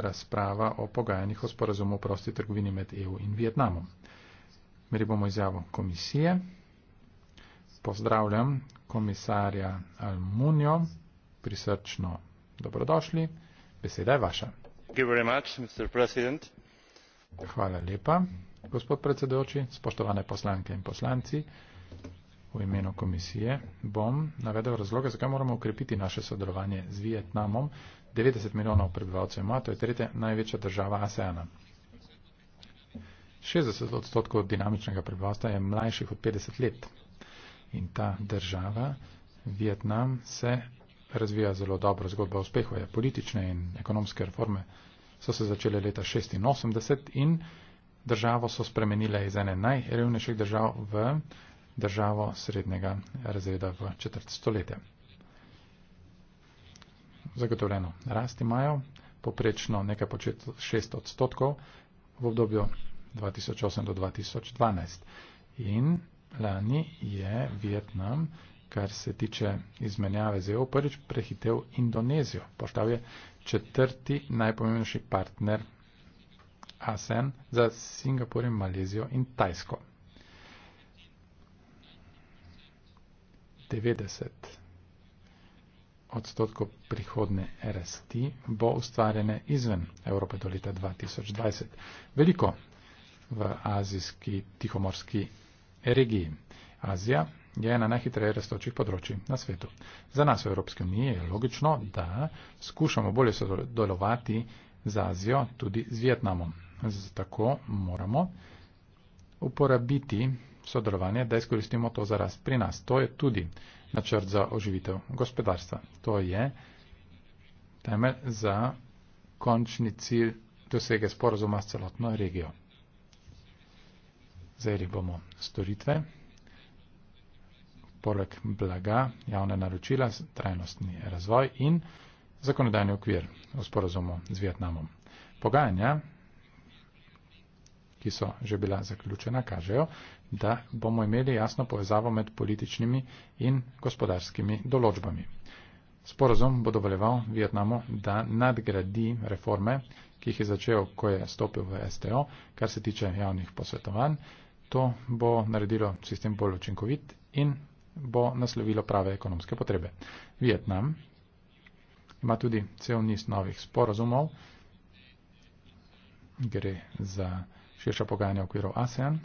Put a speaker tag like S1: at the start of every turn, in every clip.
S1: razprava o pogajanjih o sporazumu o prosti trgovini med EU in Vietnamom. Meri bomo izjavo komisije. Pozdravljam komisarja Almunjo. Prisrčno dobrodošli. Beseda je vaša. Hvala lepa, gospod predsedoči, spoštovane poslanke in poslanci. V imenu komisije bom navedel razloge, zakaj moramo ukrepiti naše sodelovanje z Vietnamom, 90 milijonov prebivalcev ima, to je tretja največja država ASEANA. 60 odstotkov dinamičnega prebivalstva je mlajših od 50 let in ta država, Vietnam, se razvija zelo dobro. Zgodba uspehov je politične in ekonomske reforme so se začele leta 86 in državo so spremenile iz ene najrevnejših držav v državo srednjega razreda v četrt stoletja zagotovljeno rast imajo, poprečno nekaj počet 6 odstotkov v obdobju 2008 do 2012. In lani je Vietnam, kar se tiče izmenjave z EU, prvič prehitev Indonezijo. Postal je četrti najpomembnejši partner ASEAN za Singapur in Malezijo in Tajsko. 90 odstotkov prihodne RSTI bo ustvarjene izven Evrope do leta 2020. Veliko v azijski tihomorski regiji. Azija je ena najhitreje rastočih področji na svetu. Za nas v Evropski uniji je logično, da skušamo bolje sodelovati z Azijo, tudi z Vietnamom. Zato moramo uporabiti sodelovanje, da izkoristimo to za rast pri nas. To je tudi načrt za oživitev gospodarstva. To je temelj za končni cilj dosege sporozuma s celotno regijo. Zajeli bomo storitve, poleg blaga, javne naročila, trajnostni razvoj in zakonodajni okvir v sporozumu z Vietnamom. Pogajanja ki so že bila zaključena, kažejo, da bomo imeli jasno povezavo med političnimi in gospodarskimi določbami. Sporozum bo dovoljeval Vietnamu, da nadgradi reforme, ki jih je začel, ko je stopil v STO, kar se tiče javnih posvetovanj. To bo naredilo sistem bolj učinkovit in bo naslovilo prave ekonomske potrebe. Vietnam ima tudi cel niz novih sporozumov. Gre za širša pogajanja v okviru ASEAN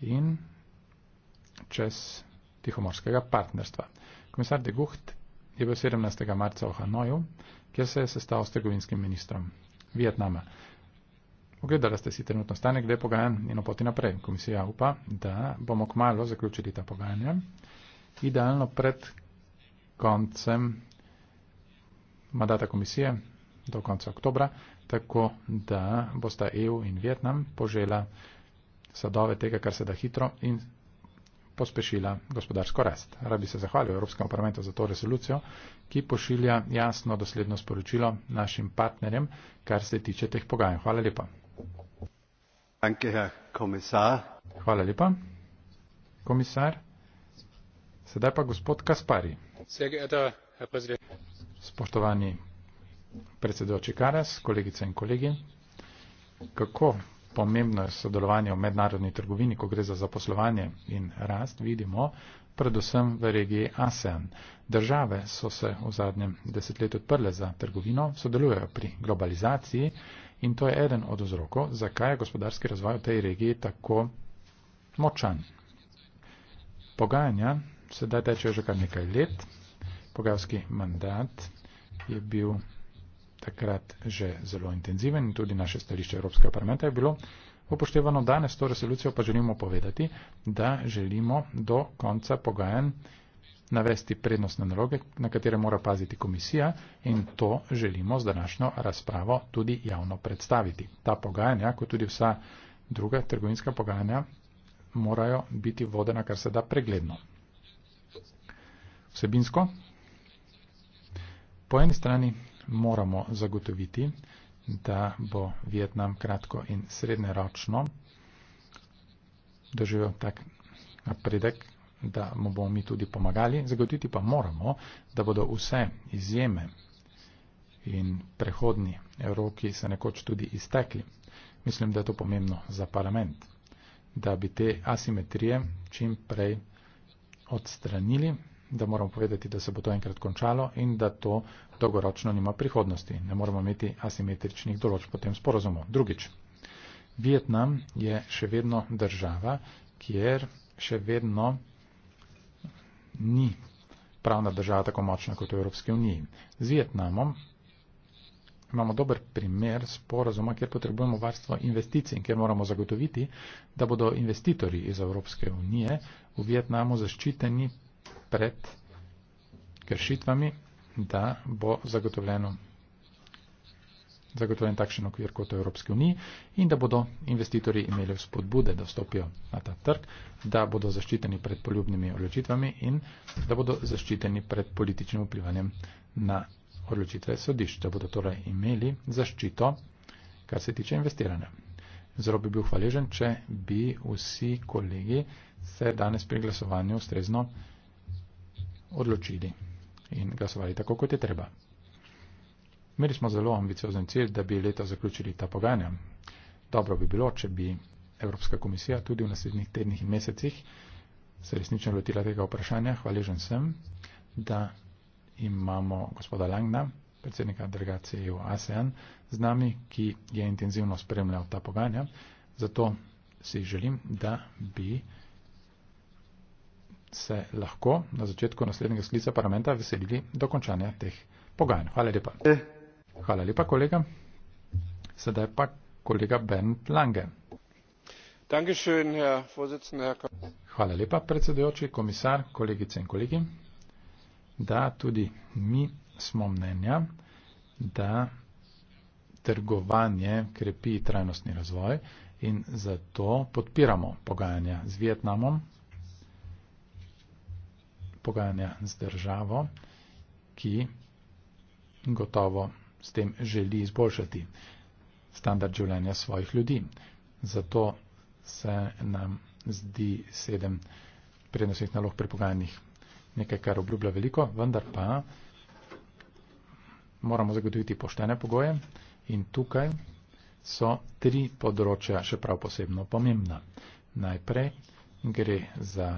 S1: in čez tihomorskega partnerstva. Komisar de Gucht je bil 17. marca v Hanoju, kjer se je sestal s trgovinskim ministrom Vietnama. Ogledala ste si trenutno stanje, kde je pogajan in opoti naprej. Komisija upa, da bomo kmalo zaključili ta pogajanja, idealno pred koncem mandata komisije, do konca oktobra, tako da bosta EU in Vietnam požela sadove tega, kar se da hitro in pospešila gospodarsko rast. Rad bi se zahvalil Evropskemu parlamentu za to resolucijo, ki pošilja jasno dosledno sporočilo našim partnerjem, kar se tiče teh pogajanj. Hvala lepa. Danke, Hvala lepa, komisar. Sedaj pa gospod Kaspari. Spoštovani predsedoči Karas, kolegice in kolegi. Kako pomembno je sodelovanje v mednarodni trgovini, ko gre za zaposlovanje in rast, vidimo predvsem v regiji ASEAN. Države so se v zadnjem desetletju odprle za trgovino, sodelujejo pri globalizaciji in to je eden od vzrokov, zakaj je gospodarski razvoj v tej regiji tako močan. Pogajanja sedaj tečejo že kar nekaj let. Pogajalski mandat je bil takrat že zelo intenziven in tudi naše stališče Evropskega parlamenta je bilo upoštevano. Danes to resolucijo pa želimo povedati, da želimo do konca pogajanj navesti prednostne naloge, na katere mora paziti komisija in to želimo z današnjo razpravo tudi javno predstaviti. Ta pogajanja, kot tudi vsa druga trgovinska pogajanja, morajo biti vodena kar se da pregledno. Vsebinsko. Po eni strani moramo zagotoviti, da bo Vietnam kratko in srednjeročno doživel tak napredek, da mu bomo mi tudi pomagali. Zagotoviti pa moramo, da bodo vse izjeme in prehodni roki se nekoč tudi iztekli. Mislim, da je to pomembno za parlament, da bi te asimetrije čim prej odstranili da moramo povedati, da se bo to enkrat končalo in da to dolgoročno nima prihodnosti. Ne moramo imeti asimetričnih določb po tem sporozumu. Drugič, Vietnam je še vedno država, kjer še vedno ni pravna država tako močna kot v Evropski uniji. Z Vietnamom imamo dober primer sporozuma, kjer potrebujemo varstvo investicij in kjer moramo zagotoviti, da bodo investitorji iz Evropske unije v Vietnamu zaščiteni pred kršitvami, da bo zagotovljeno zagotovljen takšen okvir kot v Evropski uniji in da bodo investitorji imeli spodbude, da stopijo na ta trg, da bodo zaščiteni pred poljubnimi odločitvami in da bodo zaščiteni pred političnim vplivanjem na odločitve sodišč, da bodo torej imeli zaščito, kar se tiče investiranja. Zelo bi bil hvaležen, če bi vsi kolegi se danes pri glasovanju ustrezno odločili in glasovali tako, kot je treba. Imeli smo zelo ambiciozen cilj, da bi leta zaključili ta pogajanja. Dobro bi bilo, če bi Evropska komisija tudi v naslednjih tednih in mesecih se resnično lotila tega vprašanja. Hvaležen sem, da imamo gospoda Langna, predsednika delegacije EU ASEAN, z nami, ki je intenzivno spremljal ta pogajanja. Zato si želim, da bi se lahko na začetku naslednjega sklica parlamenta veselili dokončanja teh pogajanj. Hvala lepa. Hvala lepa, kolega. Sedaj pa kolega Bernd Lange. Hvala lepa, predsedujoči, komisar, kolegice in kolegi. Da, tudi mi smo mnenja, da trgovanje krepi trajnostni razvoj in zato podpiramo pogajanja z Vietnamom, pogajanja z državo, ki gotovo s tem želi izboljšati standard življenja svojih ljudi. Zato se nam zdi sedem prednostnih nalog pri pogajanjih nekaj, kar obljublja veliko, vendar pa moramo zagotoviti poštene pogoje in tukaj so tri področja še prav posebno pomembna. Najprej gre za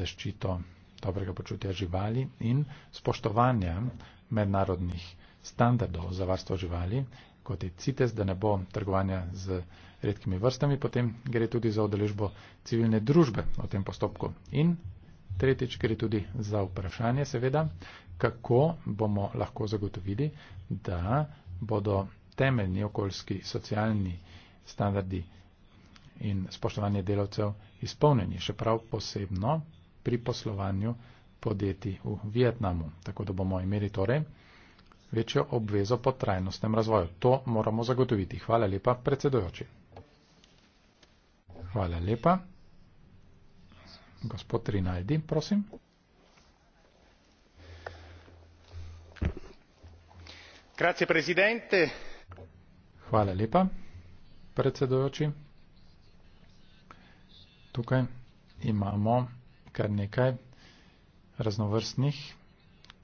S1: zaščito dobrega počutja živali in spoštovanja mednarodnih standardov za varstvo živali, kot je CITES, da ne bo trgovanja z redkimi vrstami, potem gre tudi za odeležbo civilne družbe v tem postopku. In tretjič gre tudi za vprašanje, seveda, kako bomo lahko zagotovili, da bodo temeljni okoljski socialni standardi in spoštovanje delavcev izpolnjeni, še prav posebno pri poslovanju podjetij v Vietnamu. Tako da bomo imeli torej večjo obvezo po trajnostnem razvoju. To moramo zagotoviti. Hvala lepa, predsedojoči. Hvala lepa. Gospod Rinaldi, prosim. Grazie, presidente. Hvala lepa, predsedojoči. Tukaj imamo kar nekaj raznovrstnih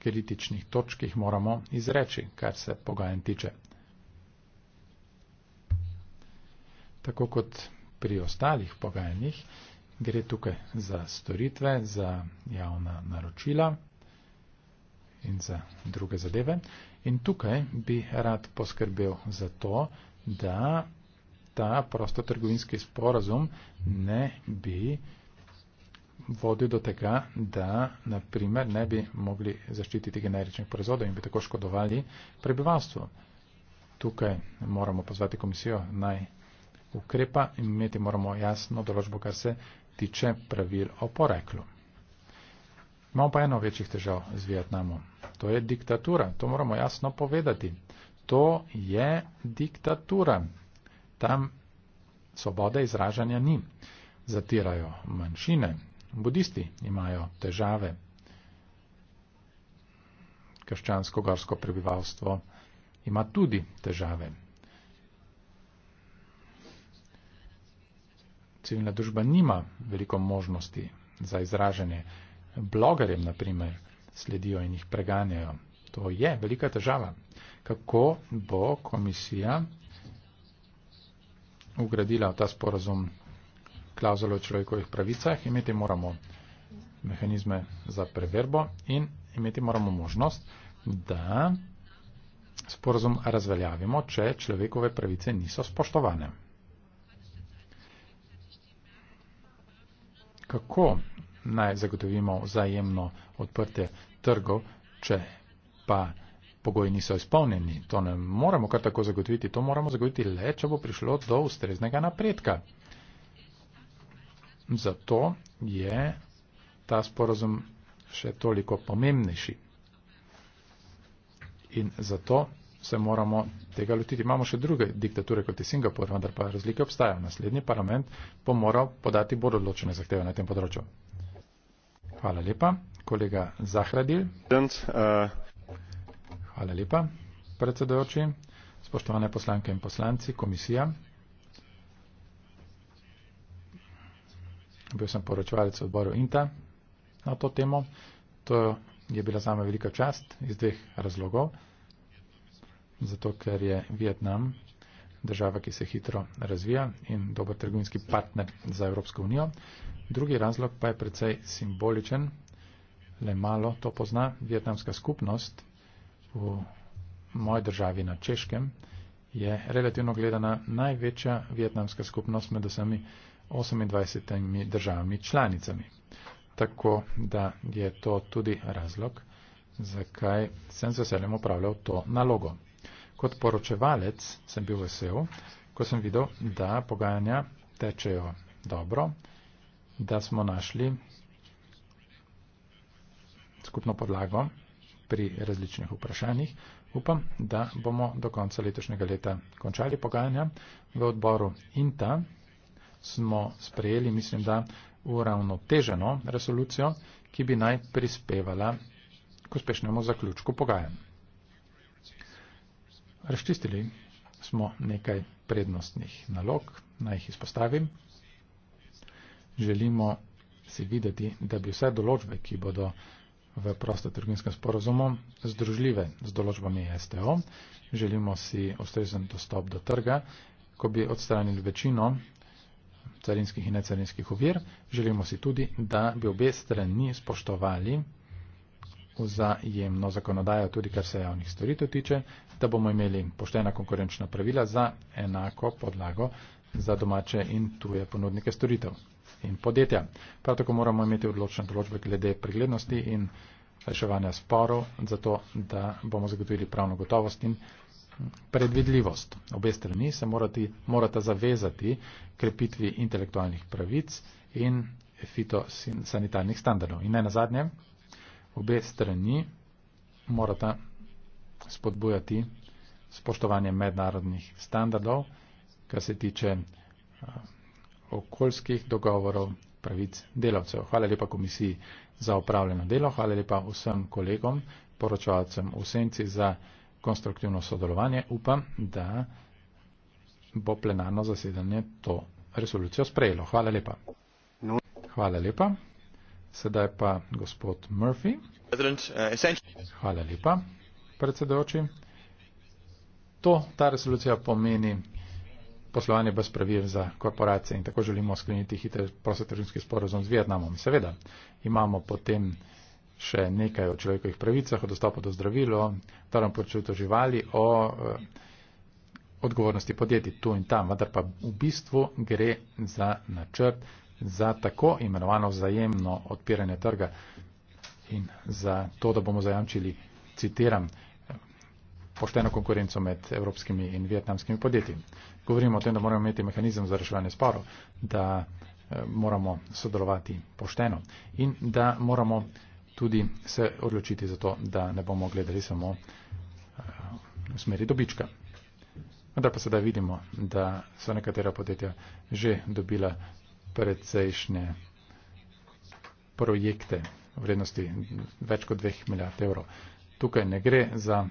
S1: kritičnih točk, ki jih moramo izreči, kar se pogajanj tiče. Tako kot pri ostalih pogajanjih, gre tukaj za storitve, za javna naročila in za druge zadeve. In tukaj bi rad poskrbel za to, da ta prostotrgovinski sporazum ne bi vodil do tega, da naprimer ne bi mogli zaščititi generičnih proizvodov in bi tako škodovali prebivalstvo. Tukaj moramo pozvati komisijo naj ukrepa in imeti moramo jasno določbo, kar se tiče pravil o poreklu. Imamo pa eno večjih težav z Vietnamom. To je diktatura. To moramo jasno povedati. To je diktatura. Tam svobode izražanja ni. Zatirajo manjšine, budisti imajo težave. Krščansko-gorsko prebivalstvo ima tudi težave. Civilna družba nima veliko možnosti za izražanje. Blogerjem, na primer, sledijo in jih preganjajo. To je velika težava. Kako bo komisija ugradila ta sporazum klauzulo o človekovih pravicah, imeti moramo mehanizme za preverbo in imeti moramo možnost, da sporozum razveljavimo, če človekove pravice niso spoštovane. Kako naj zagotovimo vzajemno odprtje trgov, če pa pogoji niso izpolnjeni? To ne moremo kar tako zagotoviti, to moramo zagotoviti le, če bo prišlo do ustreznega napredka. Zato je ta sporozum še toliko pomembnejši. In zato se moramo tega lotiti. Imamo še druge diktature, kot je Singapur, vendar pa razlike obstajajo. Naslednji parlament bo moral podati bolj odločene zahteve na tem področju. Hvala lepa. Kolega Zahradil. Eh, Hvala lepa, predsedojoči. Spoštovane poslanke in poslanci, komisija. bil sem poročevalec odboru INTA na to temo. To je bila za me velika čast iz dveh razlogov. Zato, ker je Vietnam država, ki se hitro razvija in dober trgovinski partner za Evropsko unijo. Drugi razlog pa je precej simboličen. Le malo to pozna vietnamska skupnost v moji državi na Češkem je relativno gledana največja vietnamska skupnost med vsemi 28 državami članicami. Tako da je to tudi razlog, zakaj sem z veseljem upravljal to nalogo. Kot poročevalec sem bil vesel, ko sem videl, da pogajanja tečejo dobro, da smo našli skupno podlago pri različnih vprašanjih. Upam, da bomo do konca letošnjega leta končali pogajanja v odboru INTA smo sprejeli, mislim, da uravnoteženo resolucijo, ki bi naj prispevala k uspešnemu zaključku pogajanj. Razčistili smo nekaj prednostnih nalog, naj jih izpostavim. Želimo si videti, da bi vse določbe, ki bodo v prostotrgovinskem sporozumu združljive z določbami STO. Želimo si ustrezen dostop do trga, ko bi odstranili večino carinskih in necarinskih uvir. Želimo si tudi, da bi obe strani spoštovali vzajemno zakonodajo, tudi kar se javnih storitev tiče, da bomo imeli poštena konkurenčna pravila za enako podlago za domače in tuje ponudnike storitev in podjetja. Prav tako moramo imeti odločne določbe glede preglednosti in reševanja sporov, zato da bomo zagotovili pravno gotovost in predvidljivost. Obe strani se morati, morata zavezati krepitvi intelektualnih pravic in fitosanitarnih standardov. In ne nazadnje, obe strani morata spodbujati spoštovanje mednarodnih standardov, kar se tiče eh, okoljskih dogovorov pravic delavcev. Hvala lepa komisiji za upravljeno delo, hvala lepa vsem kolegom, poročavcem v senci za konstruktivno sodelovanje. Upam, da bo plenarno zasedanje to resolucijo sprejelo. Hvala lepa. Hvala lepa. Sedaj pa gospod Murphy. Hvala lepa, predsedoči. To, ta resolucija pomeni poslovanje brez pravil za korporacije in tako želimo skleniti hiter prostotržinski sporozum z Vietnamom. Seveda imamo potem še nekaj o človekovih pravicah, o dostopu do zdravil, o starom počutju živali, o eh, odgovornosti podjetij tu in tam, vendar pa v bistvu gre za načrt za tako imenovano zajemno odpiranje trga in za to, da bomo zajamčili, citiram, pošteno konkurenco med evropskimi in vietnamskimi podjetji. Govorimo o tem, da moramo imeti mehanizem za reševanje sporov, da eh, moramo sodelovati pošteno in da moramo tudi se odločiti za to, da ne bomo gledali samo eh, v smeri dobička. Vendar pa sedaj vidimo, da so nekatera podjetja že dobila precejšnje projekte vrednosti več kot 2 milijard evrov. Tukaj ne gre za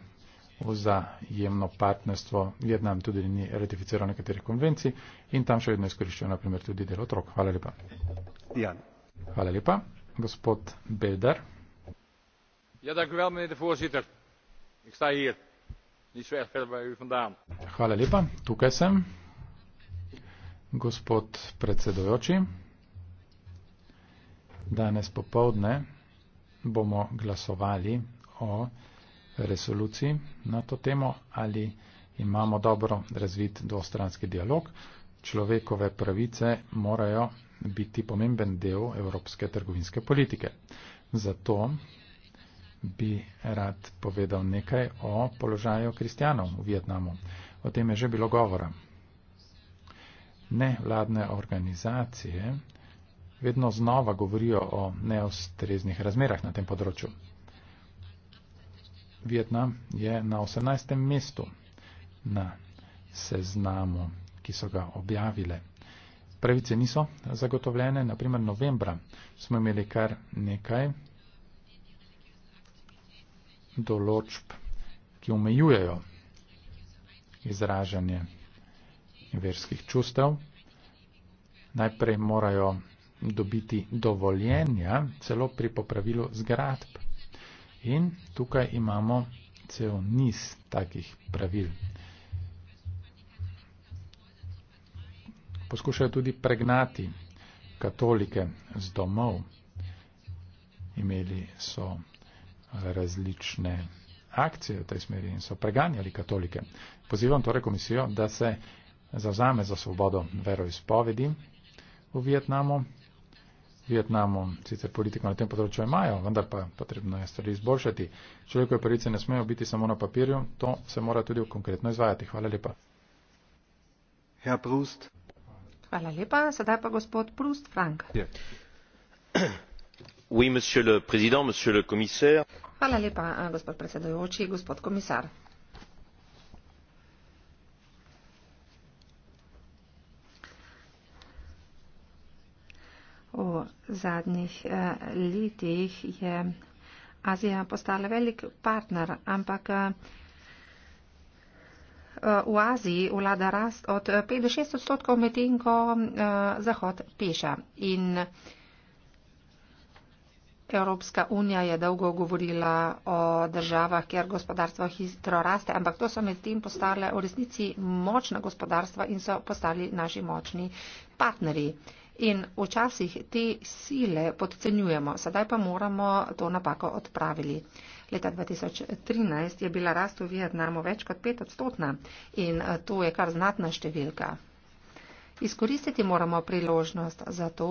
S1: vzajemno partnerstvo. Vietnam tudi ni ratificiral nekaterih konvencij in tam še vedno izkoriščajo naprimer tudi del otrok. Hvala lepa. Jan. Hvala lepa. Gospod Bedar. Ja, meneer de voorzitter ik sta hier niet zo erg ver bij u vandaan. Hvala lepa, tukaj sem. Gospod predsedujoči, danes popovdne bomo glasovali o resoluciji na to temo, ali imamo dobro razvit dvostranski dialog. Človekove pravice morajo biti pomemben del evropske trgovinske politike. Zato bi rad povedal nekaj o položaju kristjanov v Vietnamu. O tem je že bilo govora. Nevladne organizacije vedno znova govorijo o neustreznih razmerah na tem področju. Vietnam je na 18. mestu na seznamu, ki so ga objavile. Pravice niso zagotovljene. Naprimer, novembra smo imeli kar nekaj določb, ki omejujejo izražanje verskih čustev. Najprej morajo dobiti dovoljenja, celo pri popravilu zgradb. In tukaj imamo cel niz takih pravil. Poskušajo tudi pregnati katolike z domov. Imeli so različne akcije v tej smeri in so preganjali katolike. Pozivam torej komisijo, da se zavzame za svobodo veroizpovedi v Vietnamu. Vietnamu sicer politiko na tem področju imajo, vendar pa potrebno je stvari izboljšati. Človekove pravice ne smejo biti samo na papirju, to se mora tudi v konkretno izvajati. Hvala lepa.
S2: Herr Prust. Hvala lepa. Sedaj pa gospod Prust Frank. Yeah. Ja. Oui, monsieur le président, monsieur le commissaire. Hvala lepa, eh, gospod predsedojoči, gospod komisar. V zadnjih eh, letih je Azija postala velik partner, ampak eh, v Aziji vlada rast od 5-6 odstotkov medtem, ko Zahod peša. In Evropska unija je dolgo govorila o državah, kjer gospodarstvo hitro raste, ampak to so med tem postale v resnici močna gospodarstva in so postali naši močni partnerji. In včasih te sile podcenjujemo, sedaj pa moramo to napako odpraviti. Leta 2013 je bila rast v Vietnamu več kot pet odstotna in eh, to je kar znatna številka. Izkoristiti moramo priložnost za to,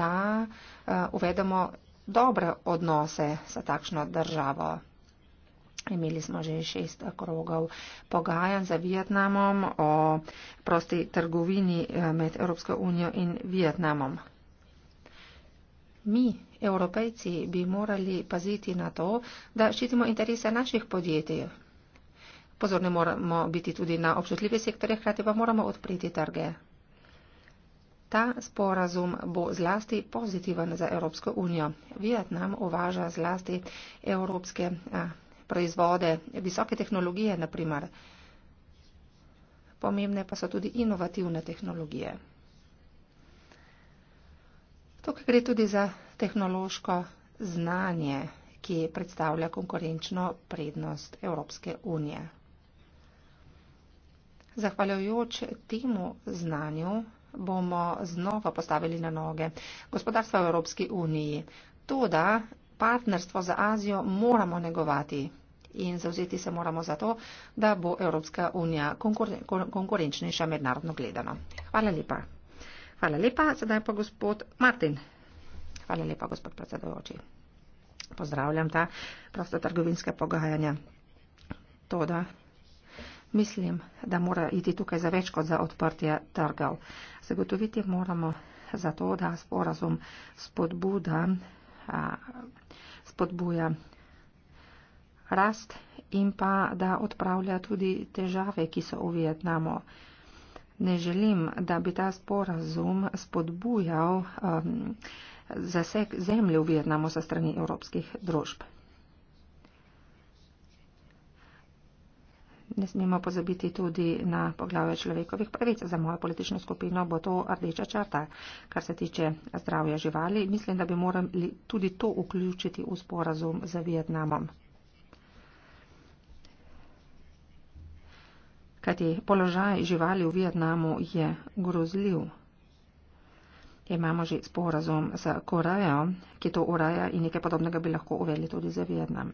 S2: da eh, uvedemo dobre odnose s takšno državo. Imeli smo že šest krogov pogajanj za Vietnamom o prosti trgovini eh, med Evropsko unijo in Vietnamom. Mi, evropejci, bi morali paziti na to, da ščitimo interese naših podjetij. Pozorni moramo biti tudi na občutljive sektorje, hkrati pa moramo odpreti trge. Ta sporazum bo zlasti pozitiven za Evropsko unijo. Vietnam uvaža zlasti evropske proizvode, visoke tehnologije, naprimer. Pomembne pa so tudi inovativne tehnologije. Tukaj gre tudi za tehnološko znanje, ki predstavlja konkurenčno prednost Evropske unije. Zahvaljujoč temu znanju, bomo znova postavili na noge gospodarstva v Evropski uniji. To, da partnerstvo za Azijo moramo negovati in zauzeti se moramo za to, da bo Evropska unija konkurenčnejša mednarodno gledano. Hvala lepa. Hvala lepa. Sedaj pa gospod Martin. Hvala lepa, gospod predsedujoči. Pozdravljam ta prosta trgovinska pogajanja. Toda Mislim, da mora iti tukaj za več kot za odprtje trgov. Zagotoviti moramo zato, da sporazum spodbuda, spodbuja rast in pa da odpravlja tudi težave, ki so v Vietnamu. Ne želim, da bi ta sporazum spodbujal um, zaseg zemlje v Vietnamu sa strani evropskih družb. ne smemo pozabiti tudi na poglavje človekovih pravic. Za mojo politično skupino bo to rdeča črta, kar se tiče zdravja živali. Mislim, da bi morali tudi to vključiti v sporazum z Vietnamom. Kajti položaj živali v Vietnamu je grozljiv. Imamo že sporazum z Korejo, ki to uraja in nekaj podobnega bi lahko uvedli tudi za Vietnam.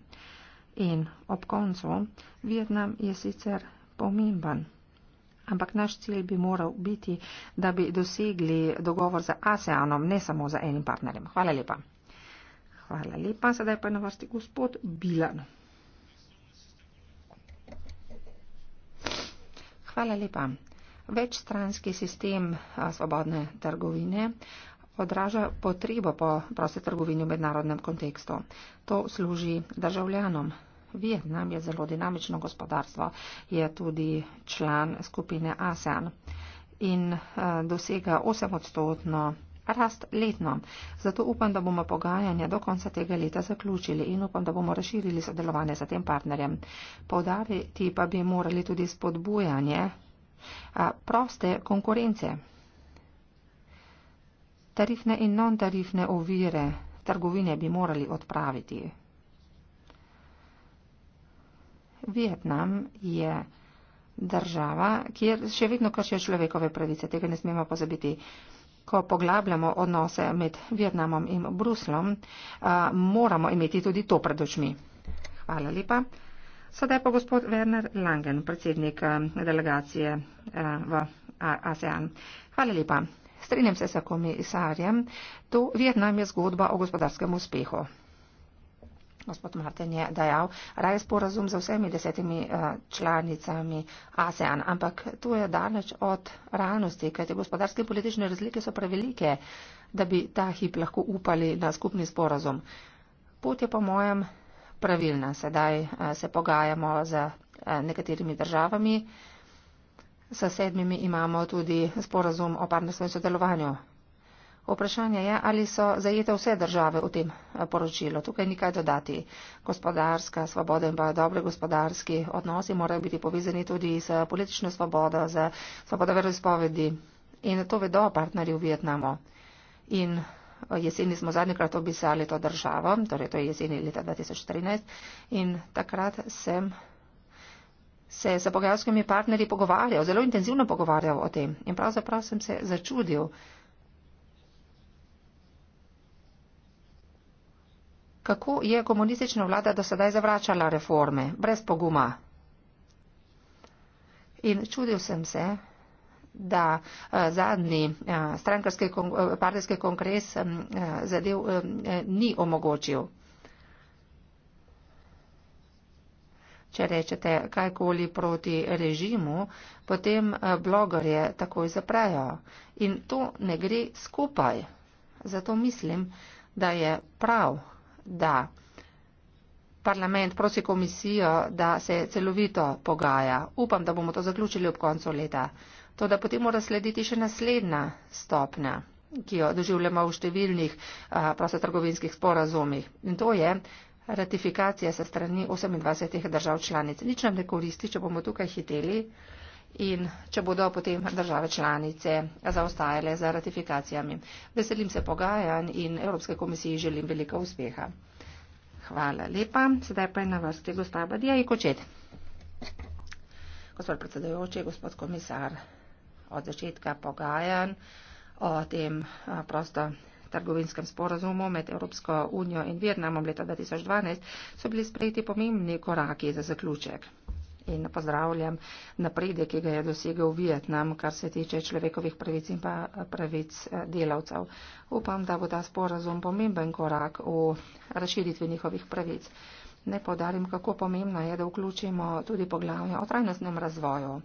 S2: In ob koncu, Vietnam je sicer pomemben, ampak naš cilj bi moral biti, da bi dosegli dogovor z ASEANom, ne samo z enim partnerjem. Hvala lepa. Hvala lepa, sedaj pa je na vrsti gospod Bilan. Hvala lepa. Večstranski sistem svobodne trgovine odraža potrebo po proste trgovini v mednarodnem kontekstu. To služi državljanom. Vietnam je zelo dinamično gospodarstvo, je tudi član skupine ASEAN in eh, dosega 8 odstotno rast letno. Zato upam, da bomo pogajanja do konca tega leta zaključili in upam, da bomo razširili sodelovanje za tem partnerjem. Povdariti pa bi morali tudi spodbujanje eh, proste konkurence tarifne in non-tarifne ovire trgovine bi morali odpraviti. Vietnam je država, kjer še vedno kršijo človekove pravice. Tega ne smemo pozabiti. Ko poglabljamo odnose med Vietnamom in Bruslom, moramo imeti tudi to pred očmi. Hvala lepa. Sedaj pa gospod Werner Langen, predsednik delegacije v ASEAN. Hvala lepa. Strinjam se s komisarjem, to Vietnam je zgodba o gospodarskem uspehu. Gospod Martin je dejal, raje sporazum za vsemi desetimi eh, članicami ASEAN, ampak tu je daleč od realnosti, kajti gospodarske in politične razlike so prevelike, da bi ta hip lahko upali na skupni sporazum. Pot je po mojem pravilna. Sedaj eh, se pogajamo z eh, nekaterimi državami. S sedmimi imamo tudi sporazum o partnerstvu in sodelovanju. Vprašanje je, ali so zajete vse države v tem eh, poročilu. Tukaj ni kaj dodati. Gospodarska svoboda in pa dobre gospodarski odnosi morajo biti povezani tudi s politično svobodo, z svobodo veroizpovedi. In to vedo partnerji v Vietnamu. In eh, jeseni smo zadnjikrat obisali to državo, torej to je jeseni leta 2013. In takrat sem se je s pogajalskimi partnerji pogovarjal, zelo intenzivno pogovarjal o tem in pravzaprav sem se začudil, kako je komunistična vlada do sedaj zavračala reforme brez poguma. In čudil sem se, da eh, zadnji eh, strankarski eh, partijski kongres zadev ni omogočil. Če rečete kajkoli proti režimu, potem eh, blogerje takoj zaprejo. In to ne gre skupaj. Zato mislim, da je prav, da parlament prosi komisijo, da se celovito pogaja. Upam, da bomo to zaključili ob koncu leta. To, da potem mora slediti še naslednja stopnja ki jo doživljamo v številnih eh, prostotrgovinskih sporazumih. In to je ratifikacije se strani 28 držav članic. Nič nam ne koristi, če bomo tukaj hiteli in če bodo potem države članice zaostajale za ratifikacijami. Veselim se pogajanj in Evropske komisiji želim veliko uspeha. Hvala lepa. Sedaj pa je na vrsti gospod i Kočet. Gospod predsedujoči, gospod komisar, od začetka pogajanj o tem prosto trgovinskem sporazumu med Evropsko unijo in Vietnamom leta 2012 so bili sprejeti pomembni koraki za zaključek. In pozdravljam napredek, ki ga je dosegel Vietnam, kar se tiče človekovih pravic in pa pravic eh, delavcev. Upam, da bo ta sporazum pomemben korak v razširitvi njihovih pravic. Ne podarim, kako pomembno je, da vključimo tudi poglavje o trajnostnem razvoju.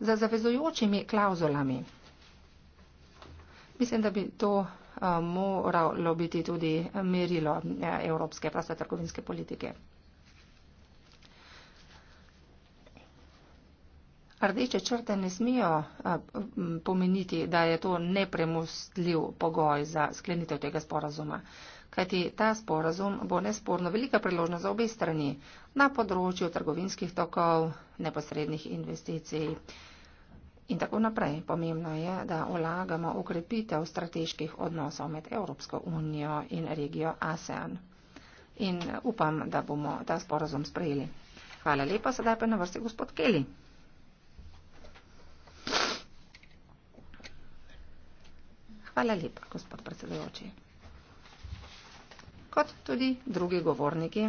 S2: Za zavezujočimi klauzulami. Mislim, da bi to Eh, moralo biti tudi merilo eh, evropske proste trgovinske politike. Rdeče črte ne smijo eh, pomeniti, da je to nepremostljiv pogoj za sklenitev tega sporazuma. Kajti ta sporazum bo nesporno velika priložnost za obe strani na področju trgovinskih tokov, neposrednih investicij in tako naprej. Pomembno je, da vlagamo ukrepitev strateških odnosov med Evropsko unijo in regijo ASEAN. In upam, da bomo ta sporazum sprejeli. Hvala lepa, sedaj pa na vrsti gospod Keli. Hvala lepa, gospod predsedujoči. Kot tudi drugi govorniki,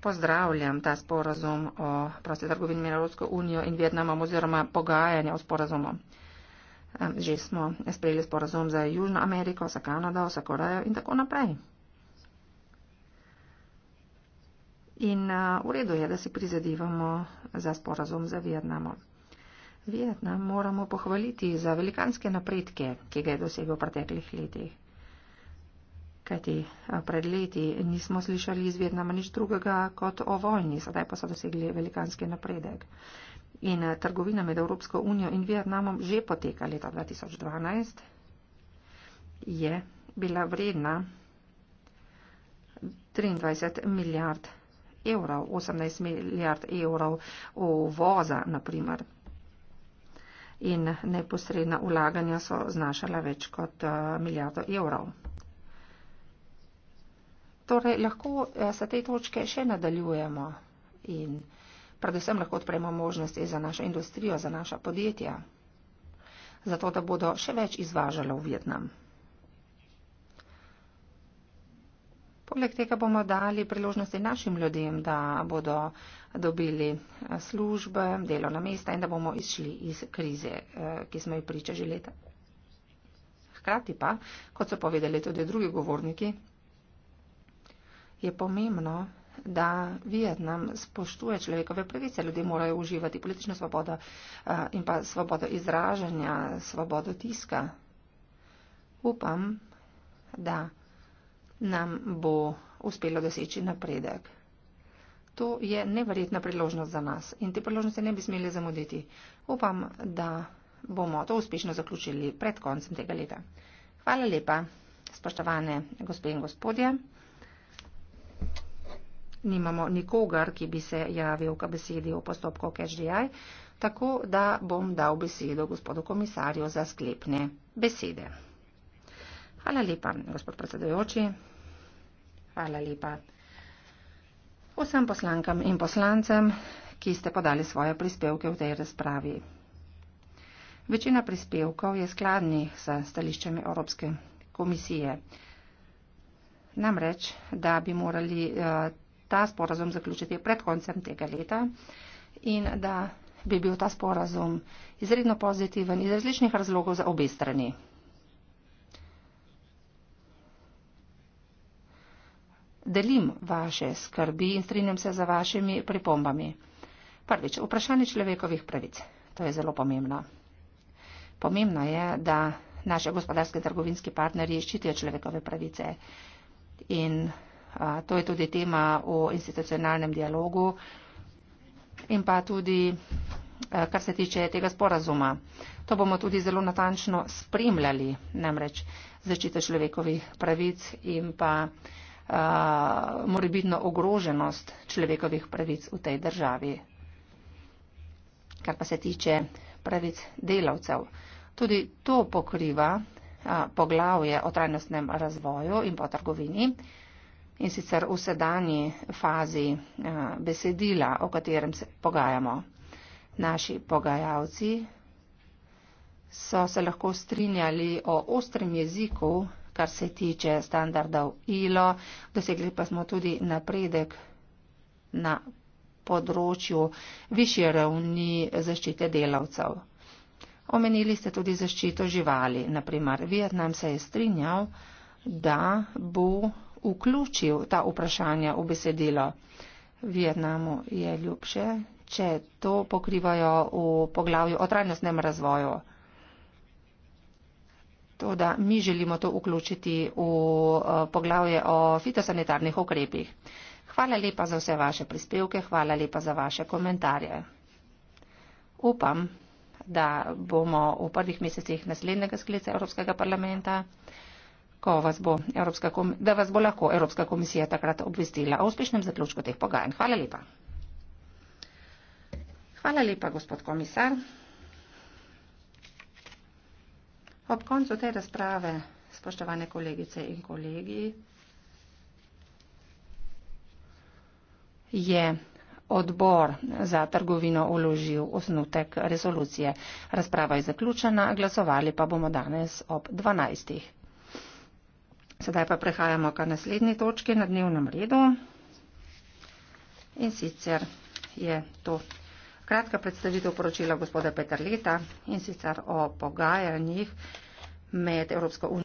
S2: pozdravljam ta sporazum o proste trgovini med Evropsko unijo in Vietnamom oziroma pogajanje o sporazumu. Že smo sprejeli sporazum za Južno Ameriko, za Kanado, za Korejo in tako naprej. In eh, v redu je, da si prizadivamo za sporazum za Vietnamo. Vietnam moramo pohvaliti za velikanske napredke, ki ga je dosegel v preteklih letih kajti pred leti nismo slišali iz Vietnama nič drugega kot o vojni, sedaj pa so dosegli velikanski napredek. In trgovina med Evropsko unijo in Vietnamom že poteka leta 2012, je bila vredna 23 milijard evrov, 18 milijard evrov uvoza, na primer. In neposredna ulaganja so znašala več kot milijardo evrov. Torej, lahko eh, se te točke še nadaljujemo in predvsem lahko odpremo možnosti za našo industrijo, za naša podjetja, zato da bodo še več izvažala v Vietnam. Poleg tega bomo dali priložnosti našim ljudem, da bodo dobili eh, službe, delo na mesta in da bomo izšli iz krize, eh, ki smo jo priča že leta. Hkrati pa, kot so povedali tudi drugi govorniki, je pomembno, da Vietnam spoštuje človekove pravice. Ljudje morajo uživati politično svobodo eh, in pa svobodo izražanja, svobodo tiska. Upam, da nam bo uspelo doseči napredek. To je neverjetna priložnost za nas in te priložnosti ne bi smeli zamuditi. Upam, da bomo to uspešno zaključili pred koncem tega leta. Hvala lepa, spoštovane gospe in gospodje nimamo nikogar, ki bi se javil k besedi v postopku KHDI, tako da bom dal besedo gospodu komisarju za sklepne besede. Hvala lepa, gospod predsedujoči. Hvala lepa vsem poslankam in poslancem, ki ste podali svoje prispevke v tej razpravi. Večina prispevkov je skladni s stališčami Evropske komisije. Namreč, da bi morali uh, ta sporazum zaključiti pred koncem tega leta in da bi bil ta sporazum izredno pozitiven iz različnih razlogov za obe strani. Delim vaše skrbi in strinjam se za vašimi pripombami. Prvič, vprašanje človekovih pravic. To je zelo pomembno. Pomembno je, da naše gospodarske trgovinski partnerji ščitijo človekove pravice in To je tudi tema o institucionalnem dialogu in pa tudi, eh, kar se tiče tega sporazuma. To bomo tudi zelo natančno spremljali, namreč zaščita človekovih pravic in pa uh, morebitno ogroženost človekovih pravic v tej državi. Kar pa se tiče pravic delavcev. Tudi to pokriva uh, poglavje o trajnostnem razvoju in pa trgovini. Uh, in sicer v sedanji fazi eh, besedila, o katerem se pogajamo. Naši pogajalci so se lahko strinjali o ostrem jeziku, kar se tiče standardov ILO, dosegli pa smo tudi napredek na področju višje ravni zaščite delavcev. Omenili ste tudi zaščito živali. Naprimer, Vietnam se je strinjal, da bo vključil ta vprašanja v besedilo. Vietnamu je ljubše, če to pokrivajo v poglavju o trajnostnem razvoju. To, da mi želimo to vključiti v eh, poglavje o fitosanitarnih ukrepih. Hvala lepa za vse vaše prispevke, hvala lepa za vaše komentarje. Upam, da bomo v prvih mesecih naslednjega sklica Evropskega parlamenta ko vas bo kom, da vas bo lahko Evropska komisija takrat obvestila o uspešnem zaključku teh pogajanj. Hvala lepa. Hvala lepa, gospod komisar. Ob koncu te razprave, spoštovane kolegice in kolegi, je odbor za trgovino uložil osnutek resolucije. Razprava je zaključena, glasovali pa bomo danes ob 12. Sedaj pa prehajamo k naslednji točki na dnevnem redu. In sicer je to kratka predstavitev poročila gospoda Petrleta in sicer o pogajanjih med Evropsko unijo.